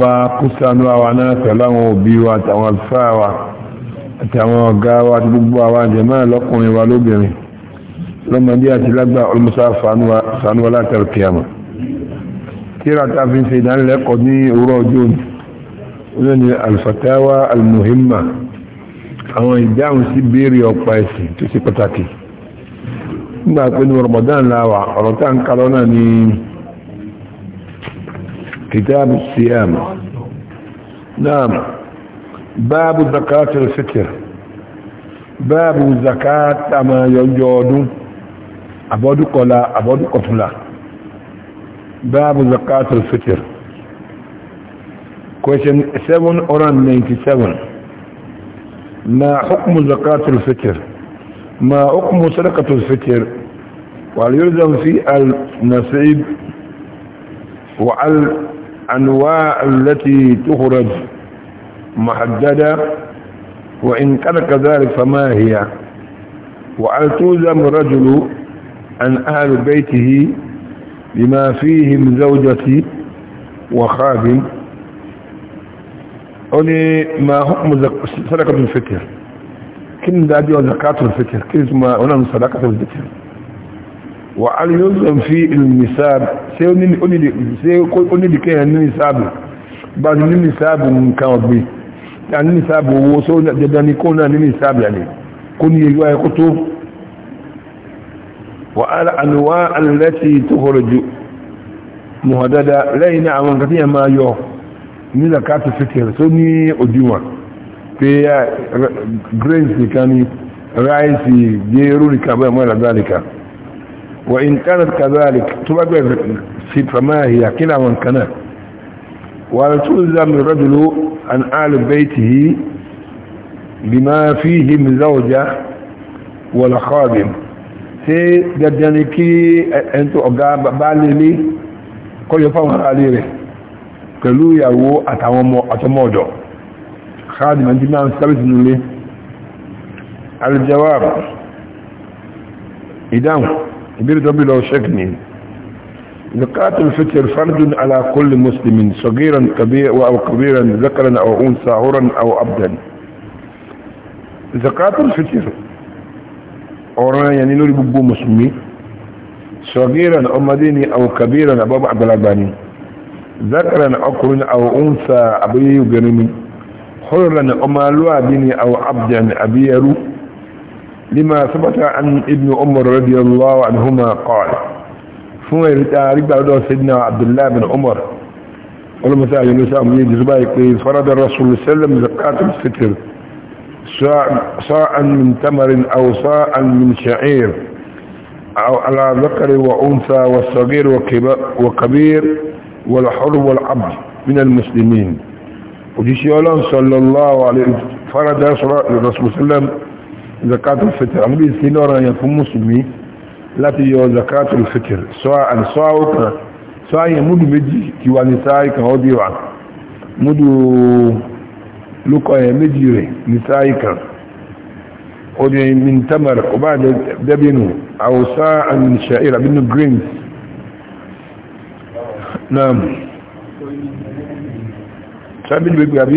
ọba kó sánú àwa náà pẹ̀lú àwọn òbí wa àtàwọn àlùfáà wa àtàwọn ọ̀gá wa àti gbogbo àwa jẹ̀mọ́ lọ́kùnrin wa lóbìnrin lọ́mọdé àti lágbà olùmọ́sá sánú wa látàrí kìámà tíra ta fi ń ṣe ìdánilẹ́kọ̀ọ́ ní òwúrọ̀ ọjọ́ òní ó ní alfatawa almuhimma àwọn ìdáhùn sí béèrè ọ̀pá ẹ̀sìn tó ṣe pàtàkì nígbà pé ní Ramadan láwà ọ̀rọ̀ tá ń kalọ́ náà ní كتاب الصيام نعم باب زكاة الفطر باب زكاة ما يجود أبود قلا أبود قفلا باب زكاة الفطر question 797 ما حكم زكاة الفطر ما حكم صدقة الفطر وليلزم في النصيب وعلى الأنواع التي تخرج محددة وإن كان كذلك فما هي وعلى توزم الرجل عن أهل بيته لما فيهم زوجتي وخادم أولي ما هم صدقة الفكر كم دادي وزكاة الفكر كم دادي وزكاة الفكر wà á yóò sọ fi ìlú nìsáàbù ṣé ó nídi kẹ́yàn ní nìsáàbù bá ní nìsáàbù nǹkan ọ̀gbìn ta ní nìsáàbù owó só dandan ní kó náà ní nìsáàbù yàní kó ní ìlú ayẹ́kó tó wà á àlùwá alẹ́tì tó kọrọ jù mùhàdádá lẹ́yìn náà àwọn nǹkan tí yẹn máa yọ ní zakatu fitr tó ní òdiwọ̀n pé eh, grains nìkan ni ráìsì gẹ́rù nìkan bẹ́ẹ̀ mọ́ ìlàgbà nìkan وإن كانت كذلك تبقى في هي كلا من كان ولتلزم الرجل عن آل بيته بما فيه من زوجة ولا خادم سي ددانيكي انتو اوغا باليلي كو يفهم علي ري كلو ياو اتاو مو اتمودو خادم انت ما ثابت نولي الجواب إدام كبير دبي لو شكني زكاة الفطر فرض على كل مسلم صغيرا كبير أو كبيرا ذكرا أو أنثى عورا أو عبدا زكاة الفطر أورانا يعني نوري ببو مسلمي صغيرا أو مديني أو كبيرا أبو عبد العباني ذكرا أكرا أو أنثى أبي يبرمي حرا أو مالوا بني أو عبدا أبي يرو لما ثبت عن ابن عمر رضي الله عنهما قال فهو ربع سيدنا عبد الله بن عمر يونس سأل النساء يجزبائك فرض الرسول صلى الله عليه وسلم زكاة الفطر صاعا من تمر أو صاعا من شعير أو على ذكر وأنثى والصغير وكبير والحر والعبد من المسلمين وجيش يولان صلى الله عليه وسلم فرض الرسول صلى الله عليه وسلم zakatul fitr àwọn bí sí lọ́rọ̀ yẹn fún mùsùlùmí láti yọ zakatul fitr sọ́wọ́ kan sọ́wọ́ yẹn múdù méjì kí wà ní sáà kan ó bí wà múdù lókọ̀ yẹn méjì rẹ̀ ní kan ó min tamar ó bá dẹ́bìnù àwòsá àmì ṣàìrà bínú greens náà sábìlì gbogbo àbí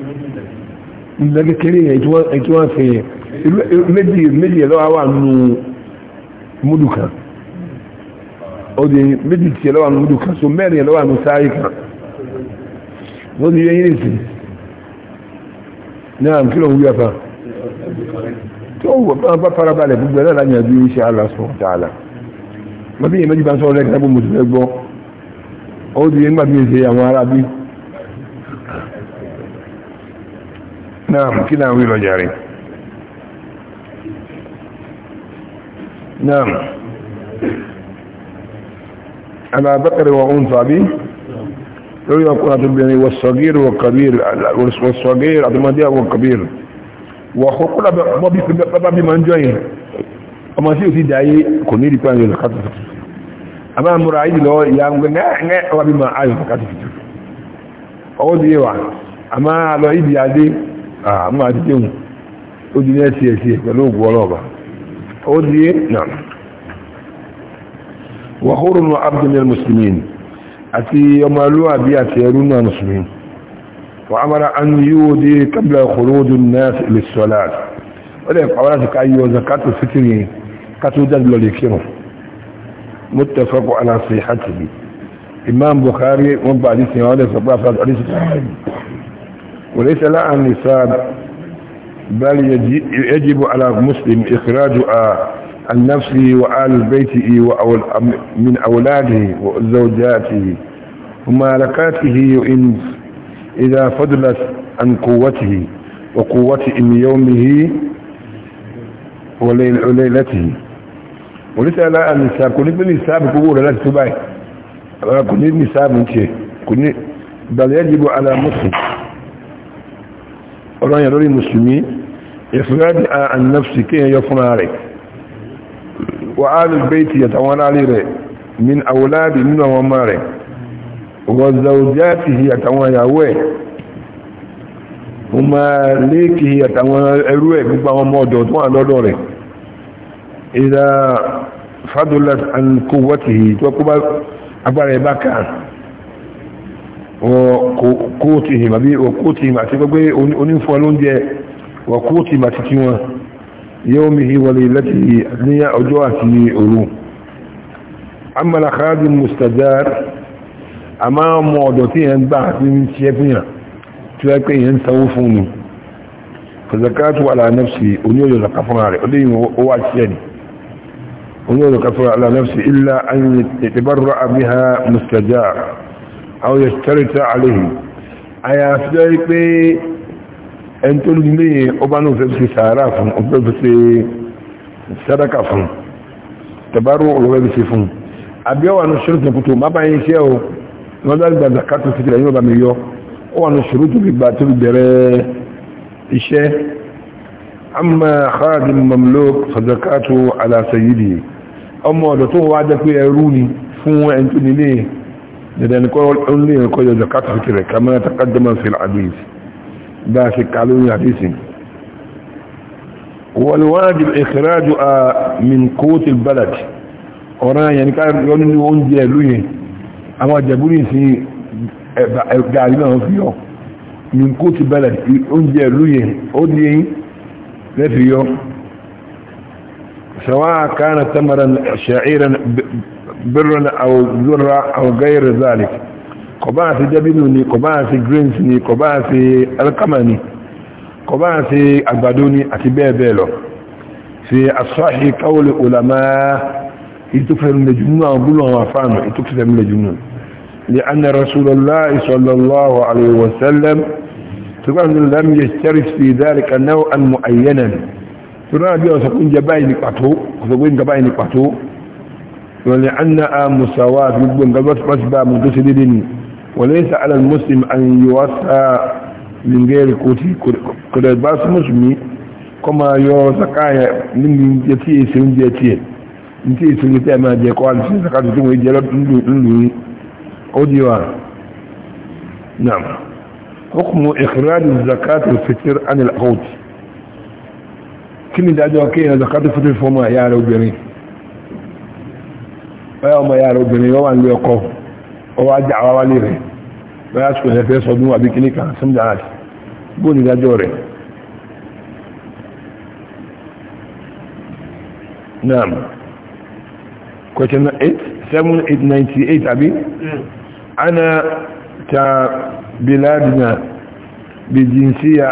ìgbà kékeré yẹn tí wọ́n fẹ́ yẹn méjì méjì ẹ̀ lọ́wọ́ wà nù múdù kan ọdẹ méjì tí ẹ̀ nù múdù kan so mẹ́rin ẹ̀ lọ́wọ́ nù sáré kan wọ́n ni yẹ yín nìsín náà kí ló ń wí àpá tó wọ́n bá farabalẹ̀ gbogbo ẹ̀ náà láyé àbí iṣẹ́ aláṣọ tààlà wọ́n ti yẹ méjì bá ń sọ̀rọ̀ lẹ́gbẹ̀ẹ́ bó mo نعم كده ويلو جاري نعم على بقر وأنثى به لو يقول والصغير والكبير والصغير أتمنى والكبير وخقل بابي من جاي ọmọ sí òsì dáyé kò ní ìdíkọ́ àyọ̀ ìzàkátì fìtì a máa múra ayé lọ ìyá ń gbẹ́ ẹ́ ọwà bí ma ayọ̀ ìzàkátì fìtì ọwọ́ di ẹwà a máa lọ ìdí adé àmọ́ àti tẹ́wù ó di ní ẹ̀sì ẹ̀sì pẹ̀lú ògùn ọlọ́ọ̀bà ó di náà wàhóró nù abdulmil musulmi àti ọmọlúwàbí àti ẹrú náà musulmi وعمر أن يودي قبل خروج الناس للصلاة وليه قولاتك أيها زكاة الفكر كتدل لكره متفق على صحته إمام بخاري ومبعد سنوات صلى الله عليه وسلم وليس لا النساب بل يجب على المسلم إخراج عن وآل بيته من أولاده وزوجاته ومالكاته إن إذا فضلت عن قوته وقوة إن يومه وليلته وليس لا النساب كل ابن نساب قبول لا تبعي كل ابن نساب بل يجب على مسلم ọ̀rọ̀ yẹn lórí mùsùlùmí ìfúnrádì ànàfsì kí yẹn yọ fúnra rẹ̀ wà áàlùbẹ́ẹ̀tì àtàwọn aráàlú rẹ̀ min àwòláàdì nínú àwọn ọmọ rẹ̀ wọ̀zàwòjáàtì àtàwọn ìyàwó ẹ̀ ọmọ léèkì àtàwọn ẹrú ẹ̀ gbogbo àwọn ọmọ ọ̀dọ̀ وقوتهم أبي وقوتهم أتبقى وننفع لونجة وقوتهم أتكيوا يومه وليلته أدنيا أجواته أولو أما الخادم مستدار أما موضوعتين أنبعث من سيفنا تلاقي ينسوا فوني فزكاته على نفسه ونيوجه لكفر عليه وليه هو عشاني ونيوجه كفر على نفسه إلا أن يتبرأ بها مستجار أو يشترط عليه أي أفضل بي أن تلمي أبانو في سارة فن أبانو في سرقة فن تبرع لغاية في فن أبيو أنو شرط نكتو ما بعين شيئو نظر إذا ذكرت في كلا يوبا مليو هو أنو شروط بباتو ببري إشي أما خادم مملوك فزكاته على سيده أما ودتوه وعدك يروني فهو أنتو ليه لأن يقول الحلي يقول زكاة فكرة كما تقدم في الحديث ده في الكالوني حديث والواجب إخراج من قوت البلد ọ̀rán yẹn ní káàkiri yọ nínú oúnjẹ ìlú yẹn àwọn àjẹ̀búrí sí gàrí náà fi yọ ní kó ti bẹ̀rẹ̀ oúnjẹ ìlú yẹn ó di yẹn lẹ́fi yọ sọ́wọ́ àkáàrà tamaran ṣàíran birran aw zurra aw ghayr zalik kò bá ṣe dabinu ni kò bá ṣe greens ni kò bá ṣe alkama ni kò bá ṣe àgbàdo ni àti bẹ́ẹ̀ bẹ́ẹ̀ lọ fi asahi qawl ulama itufir min jumma bulu wa fanu itufir min jumma لأن رسول الله صلى الله عليه وسلم تقول لم يشترك في ذلك نوعا معينا ترى بيوسف إن جبائن قطو قطوين جبائن قطو ولأنها مساواة يبقى قلبت مسبا متسددين وليس على المسلم أن يوصى من غير كوتي كرد باس مسلمي كما يوصكايا من يتيه سن يتيه nti isunite ma je ko alisi saka tutu mo jelo ndu ndu odiwa nam hukmu ikhraj zakat al-fitr an al-qut kini da jo ke zakat al-fitr fo ma ya báyà ọmọ ìyá rẹ̀ obìnrin wọ́n wà nílé ọkọ ọwọ́ ajá àwa wálé rẹ̀ báyà sùn ẹ̀rẹ́ fẹ́ sọdún àbí kíní kan sọ́mdà àti bóun ìdájọ́ rẹ̀ naam question 8 7898 àbí hmm. ana ta biladina بجنسية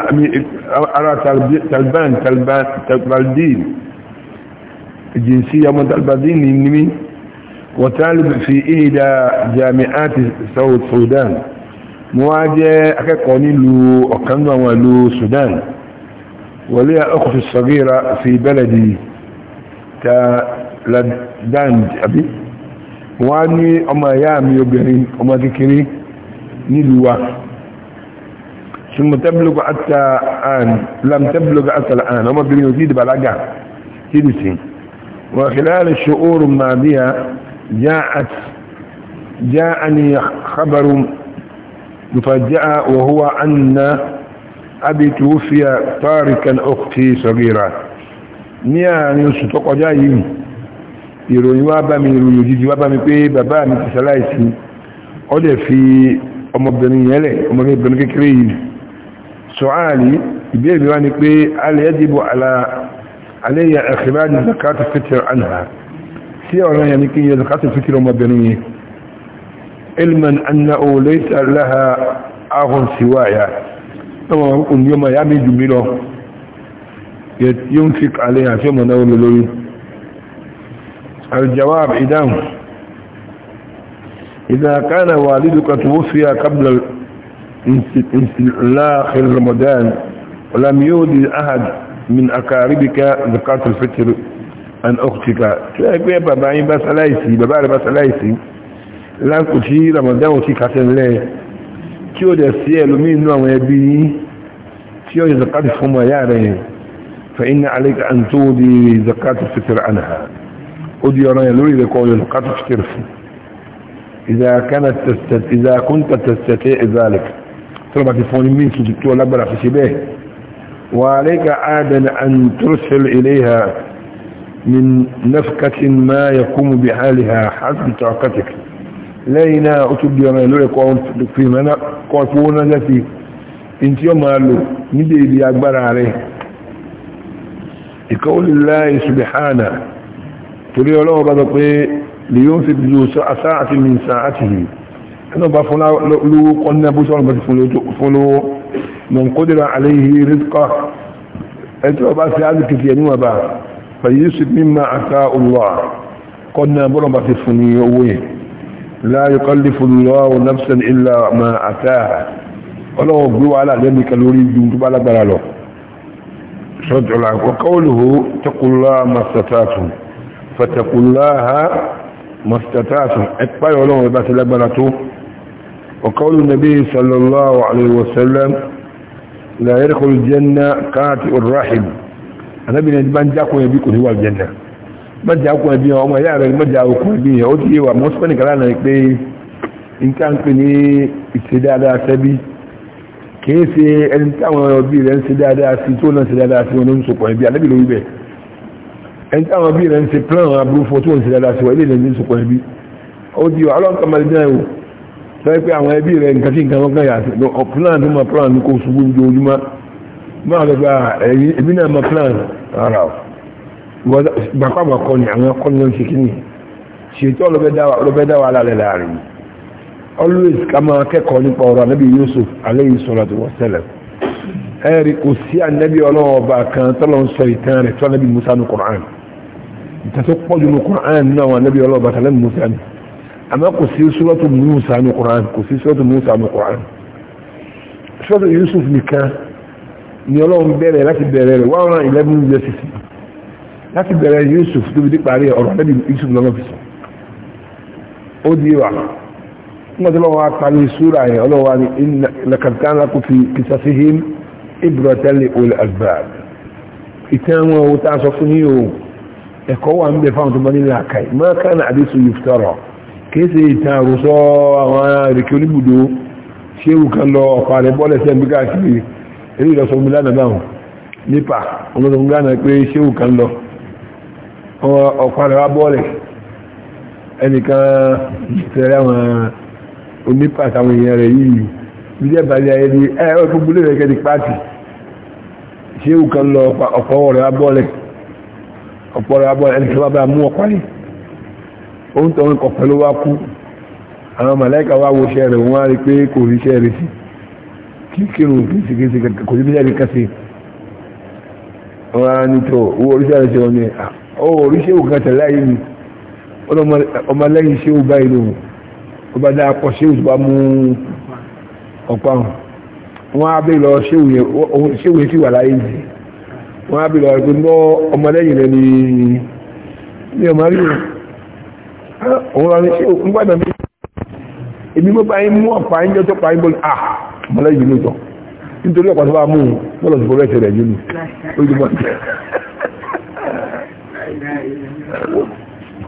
أرى تلبان تلبان تلبالدين الجنسية من تلبالدين من وطالب في إحدى جامعات سعود السودان مواجه أكاكوني لو أكانوا ولو السودان ولي أخت الصغيرة في بلدي كالدان أبي واني أما يامي يبيني أما ذكري نلوى ثم تبلغ حتى الآن لم تبلغ حتى الآن أما بني يزيد بلغة وخلال الشؤور الماضية جاءت جاءني خبر مفاجأة وهو أن أبي توفي تاركا أختي صغيرة نيا نيوسو توقع جاي ìròyìn wá bá mi ìròyìn òjijì wá bá mi pé bàbá mi ti ṣaláìsí ó dẹ̀ fi ọmọbìnrin yẹn lẹ̀ ọmọbìnrin kékeré yìí sọ̀hálì ìbéèrè wá ni pé alẹ́ yẹ́dìbò àlàyé ẹ̀kẹ́bá ní zakat fitr anha سيعنى يعني كي يدخل الفكر المدني علما أنه ليس لها أخ سوايا أما أن يوم يامي يعني جميله ينفق عليها في منور لولي الجواب إذا إذا كان والدك توفي قبل الانسلاخ رمضان ولم يودي أحد من اقاربك ذكاة الفتر an ọkùtìkà tí ó gbé bàbá yín bá sáláìsì bàbá rẹ̀ bá sáláìsì láǹkù tí ramadan ti kàtẹ̀lẹ̀ tí ó dẹ̀ sí ẹlòmí inú àwọn ẹbí yìí tí ó yẹ zakati fún ọmọ yára yẹn fa iná alẹ́kà an tó di zakati fitir anha ó di ọ̀rọ̀ yẹn lórí rẹ̀ kọ́ yẹ zakati fitir fún an tursil iléha من نفكة ما يقوم بحالها حسب طاقتك لينا أتب يما يكون في منا قوتونا التي انت يوم قالوا ندي بي أكبر عليه يقول الله سبحانه تريد له بضطي لينفق ذو ساعة من ساعته أنا بفنا لو قلنا بسر بفلو من قدر عليه رزقه أنت بقى في كتير الكثير ما بقى فيسب مما أتاء الله قلنا برمى في الفنيوين لا يكلف الله نفسا إلا ما أتاها ولو أبدو على ذلك الوليد جمتب على بلاله شرد العقل وقوله تقول الله ما استطعتم فتقول الله ما استطعتم اكبر ولو يبات لبنته وقول النبي صلى الله عليه وسلم لا يدخل الجنة كاتئ الرحم ànábì ní bá ń jákun ẹbí kò ní wà jẹ́nà má jákun ẹbí ọmọ ẹ̀yà rẹ̀ má já okun ẹbí yẹn ó ti yé wa mọ́sùpẹ́nì kan lánàá pé nǹkan ń pè ní ìṣe dáadáa sẹ́bí kìí ṣe ẹni táwọn ẹbí rẹ̀ ń ṣe dáadáa sí tó náà ṣe dáadáa sí wọn ló ń sopọ̀ ẹbí ànábì ló wí bẹ́ẹ̀ ẹni táwọn ẹbí rẹ̀ ń ṣe plan aburú fún tó ń ṣe dáadáa sí wọn ilé ìlẹ̀ ń sopọ̀ ẹbí ó di wa ọlọ́nkà máa dín ẹ̀wò sọ pé àwọn ẹbí rẹ̀ nǹkan tí nǹkan wọn kàn yà plan tó máa plan kó ṣubú ojoojúmọ́ máa lọ gba ẹ̀yìn ẹbí náà máa plan rárá o gbàkọ́gbàkọ́ ni àwọn ẹkọ́ ní ṣe kíní ṣètò ọlọ́bẹ́ dáwà alálẹ́ láàrin always ká máa kẹ́kọ̀ọ́ nípa ọ̀rọ̀ anábì Yusuf alayhi salatu wa salam ẹ̀rí kò sí anábì ọlọ́ọ̀bà kan tọ́lọ̀ ń sọ ìtàn rẹ̀ tó anábì Musa ní Qur'an ìtàn tó pọ̀jù ní Qur'an náà wọn anábì ọlọ́ọ̀bà tàlẹ́ Musa ni àmọ́ kò sí suratu ni ọlọ́run bẹ̀rẹ̀ láti bẹ̀rẹ̀ rẹ̀ one hundred eleven years six láti bẹ̀rẹ̀ Yusuf tó fi dé parí ọ̀rọ̀ lẹ́bi Yusuf lọ́nà fi sọ ó di wà nígbà tó lọ́wọ́ parí súra yẹn ọlọ́wọ́ ni lakàtà ńlá kò fi kìsà sí him ibrọ̀tẹ́lẹ̀ olè albab ìtàn wọn ò tá a sọ fún yín o ẹ̀kọ́ wà ń bẹ fáwọn tó bá nílẹ̀ àkàì máa ká ní àdéṣù yìftọ́rọ̀ kìí ṣe ìtàn àròsọ àwọn àrèké oníbùdó ṣéwù kan lọ ọ̀pá rẹ̀ bọ́lẹ̀ sẹ́ńbí káàkiri èyí lọ sọmú lánàá báwọn nípa ọmọdún gánà pé ṣéwù kan lọ ọ̀pá rẹ̀ wá bọ́ọ̀lẹ̀ ẹnìkan tẹ̀rẹ̀ àwọn onípa àtàwọn èèyàn rẹ̀ yìí bí jẹ́ bàálẹ̀ ayé ni ẹ ọ́ fún gbúlé rẹ̀ kẹ́ ti pàtì ṣéwù kan lọ ọ̀pọ̀ rẹ̀ wá bọ́ọ̀lẹ̀ ọ̀pọ̀ rẹ̀ wá bọ́ọ̀lẹ̀ ẹnìkan wá bá mú ọ̀pá yìí ó ń tọrin kọ̀ pẹ̀lú wá tí kírun kí sì kí sì kò sí bíṣẹ́ kankan sí wọn á ní tó owó oríṣẹ́ àti ṣe wọn ni owó oríṣẹ́ òkú kan tẹ̀lé ayé mi ọmọ lẹ́yìn ṣé ó bá inú ó bá dáa pọ̀ ṣé ó bá mú ọ̀pá wọn á bí lọ ṣé òye sì wà láyé yìí wọn á bí lọ pé mọ́ ọmọ lẹ́yìn rẹ ni ní ọmọ rí òun rà ní ṣé òkú mi èmi mọ́ bá yín mú ọ̀pá yín jọ́ tó pa yín bọ́ọ̀lù ah, mọ́lẹ́yìn ló tọ̀ nítorí ọ̀pá tó bá mú un lọ́lọ́ sí fọwọ́ ẹ̀sẹ̀ rẹ̀ yìí ni ó ti máa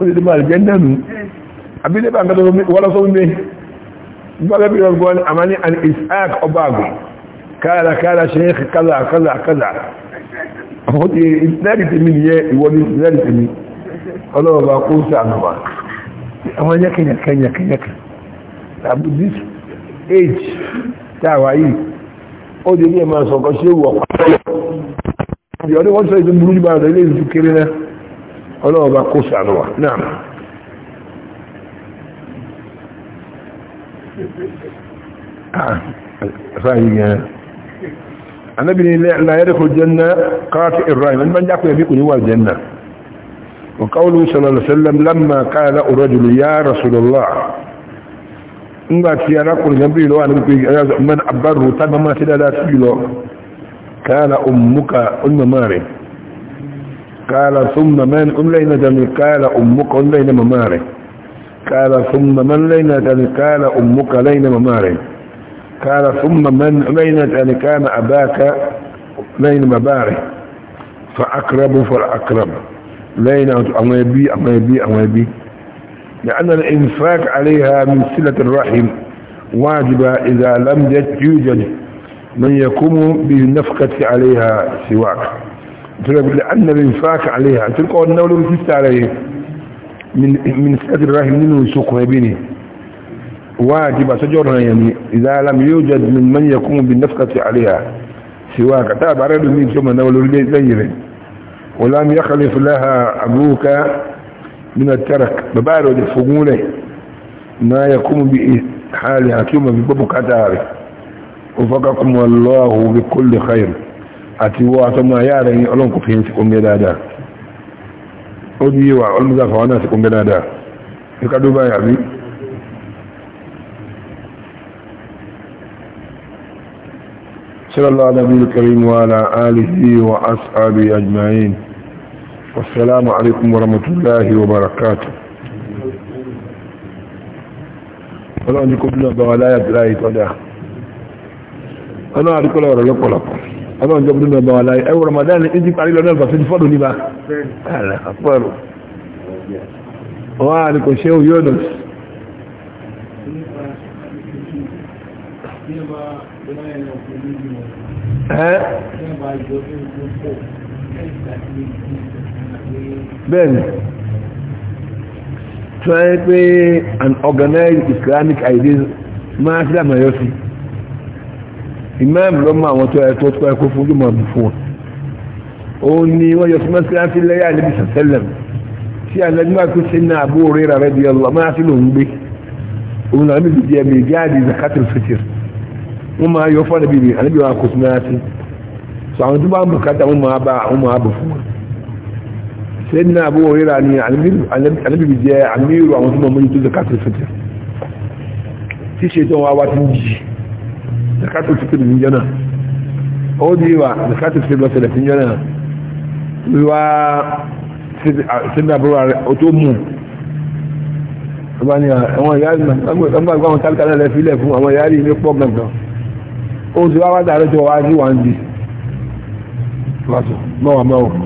jẹ́ ó ti máa jẹ́ nẹ́nu abílẹ̀ bá ń gbọ́dọ̀ wọ́n lọ́sọ́ wípé nípa bẹ́ẹ̀ bí wọ́n gbọ́ àmà ní an isaac ọba àgbẹ̀ kára kára ṣe é kálà kálà kálà àwọn ti ìsinẹ́rì tèmi nìyẹn ìwọ ní ìsinẹ́rì tèmi ọlọ́wọ́ bá kó sí àná wa àwọn yẹ́kẹ̀yẹ̀kẹ̀yẹ̀kẹ̀yẹ̀kẹ̀ age táàwà yìí ó di ní ẹ̀mọ́ sọ̀kọ́ ṣe wọ̀ pàtàkì ọdún wọ́n sọ ìdí burú jùlọ ilé ìlú kéré náà ọlọ́ọ̀bá kó sànù ah, wà náà sáàyí gan anábì ní láyẹ́rẹ́ kò jẹ́nà káàkiri ibrahim صلى الله عليه وسلم لما قال رجل يا رسول الله نباتي أنا أقول جنبي لو أنا من أبره تبا ما كده لا تبيله قال أمك أم ماري قال ثم من أم لين دمي قال أمك أم لين مماري قال ثم من لين دمي قال أمك لين مماري قال ثم من لين دمي كان أباك لين مباري فأقرب فالأقرب لين أما يبي أما يبي أما يبي لأن الإنفاق عليها من صلة الرحم واجبة إذا لم يوجد من يقوم بالنفقة عليها سواك لأن الإنفاق عليها تلقى النول بسيطة عليه من من صلة الرحم منه يسوقها بني واجبة تجرها يعني إذا لم يوجد من من يقوم بالنفقة عليها سواك تابع رجل من ثم نول ولم يخلف لها أبوك من الترك ببارو لفقوله ما يقوم بحال حكيم ببابك أتاري وفقكم الله بكل خير أتوا أتما يارين ألونكم فيهم سكم جدادا أديوا المزافة وانا سكم جدادا يقعدوا بايا بي صلى الله على نبي الكريم وعلى آله وأصحابه أجمعين والسلام عليكم ورحمة الله وبركاته ọlọ́run ní kó bí náà bára láyà bíra ìtọ́dá ọlọ́run àdíkọ́lọ̀ ọ̀rọ̀ lọ́pọ̀lọpọ̀ ọlọ́run jọ bí náà bára láyà ẹwọ Ramadan ní ti parí lọ́nà ìgbà sí fọ́dún níbà àpọ̀rọ̀ wọ́n àdíkọ̀ ṣe òyọ́dọ̀ ẹ́ bẹ́ẹ̀ni try wọ́n yẹ an organized islamic ideas máa sí àmà yọ sí imam lọ́mọ àwọn tó ẹ̀tọ́ tó ẹ̀kọ́ fún ojúmọ̀ àbù fún wọn òun ni wọ́n yọ sí mọ́síláńtì lẹ́yà níbi sàtẹ́lẹ̀m tí àlẹ́gbẹ́ àti sínú àbú orí rà rẹ̀ di ọlọ́ máa sí lòún gbé òun làwọn ibi jẹ́ mi jáde zakatul fitr wọ́n máa yọ fún àdébìbì àdébìbì wọn kò sí náà sí sàwọn tó bá ń bùkátà wọn máa bá wọn fún wọn sẹ́yìn náà Abu Hurairah ni anábìbì jẹ́ àmírù àwọn tó mọ̀ mọ́jú tó zakatul fitr tí ṣe tó wá wá tí ń jì zakatul fitr ní jọ́nà ó di wa zakatul fitr lọ́sẹ̀lẹ̀ sí jọ́nà wíwá sẹ́yìn àbúrò ó tó mú àwọn yáàrí náà àwọn yáàrí ní pọ́ gangan ó ti wá wá dàrẹ́ tó wá sí wá ń jì láti mọ́wàá mọ́wàá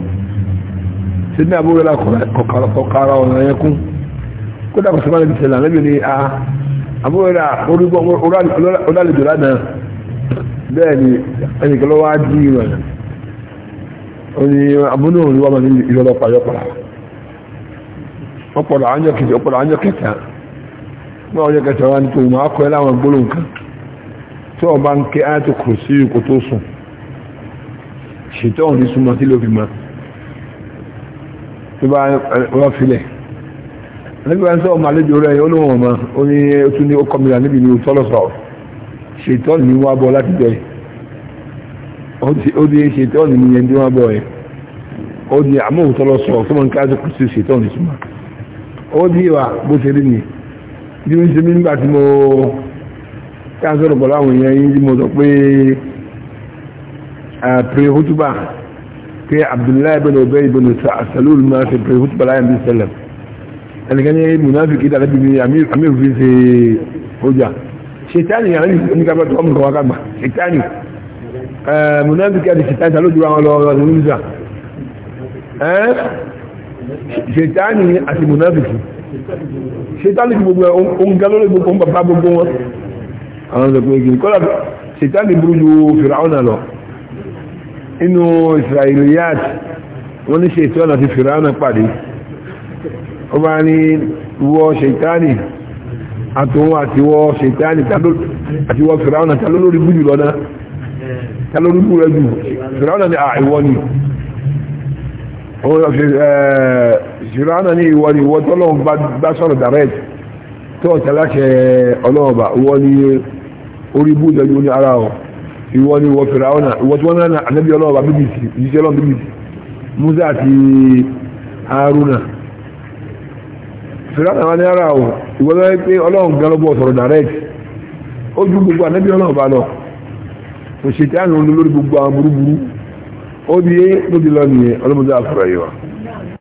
tí ní àbúrò lákọ̀ọ́kọ́ra ọ̀nà ẹkún kó dàkọ̀ sí mọ́lẹ̀ ìṣẹ̀lẹ̀ lẹ́bí ní a àbúrò rà orálejò lánàá bẹ́ẹ̀ ni ẹnìkan lọ́wọ́ á dí ìrọ̀ ẹ̀ oní àbúrò òní wọ́n ní ìrọ̀lọ́pàá yọpọ̀lá ọpọlọ àjọ kẹta ní máa kọ́ ẹ láwọn gbólóǹkan tí ọba ń ké tó sùn ṣètọ́ òní súnmọ́ tí ló fi mọ́ tó bá wọ́n filẹ̀ nígbà tí ọmọ àlejò rẹ̀ ó lóun ọmọ ó ní ó tún ní ó kọmìlà níbi ní tọ́lọ̀sọ̀ ṣètọ́ ní wá bọ́ láti jẹ́ ó di ṣètọ́ ní ní ẹni wá bọ́ ẹ̀ ó di àmóhù tọ́lọ̀sọ̀ tó mọ̀ ń káàkiri kùsù ṣètọ́ ní súnmọ́ ó di wà bó ṣe rí ni bí wọ́n ṣe mí nígbà tí mo káàkiri Ah, pre hutuba pé abdullahi bin obey bin salul ma ṣe pre hutuba láyé bí sẹlẹm ẹnìkan ní munafiki dàbí bí amir fi ṣe ọjà ṣètánì yàrá ní oníkàbẹ tó ọmọ kọwàá kàgbà ṣètánì munafiki àti ṣètánì tàló jù àwọn lọ́wọ́ ọdún nígbà ṣètánì àti munafiki ṣètánì ti gbogbo ohun galọ́ lè gbogbo ohun bàbá gbogbo wọn àwọn ọ̀sẹ̀ pé kí kọ́lá ṣètánì burú ju fìràwọ́nà lọ inú israeliyat wọ́n ní ṣètò ọ̀nà ti fìránà pàdé ó bá ní wọ ṣètáni àtòun àti wọ ṣètáni àti wọ fìránà tàlólórí bú jùlọ náà tàlólórí bú rẹ jù fìránà ni àìwọ ni fìránà ni ìwọ ni ìwọ tọ́lọ́ bá sọ̀rọ̀ direct tó ọ̀tẹ̀láṣẹ ọlọ́ọ̀bà ìwọ ni orí bú jọjú ní ara ọ̀ ìwọ ni ìwọ fèrè àwọn ìwọ tí wọ́n náà ànábì ọlọ́ọ̀bà bbc ìjíṣẹ́ ọlọ́ọ̀ bbc musa àti haruna fèrè àwọn ará o ìwọ náà pé ọlọ́ọ̀ galọ́bọ̀ sọ̀rọ̀ direct ó ju gbogbo ànábì ọlọ́ọ̀bà lọ òṣèṣẹ́ àná olólórí gbogbo àwọn burúburú ó di é ọlọ́mọdé yìí wa.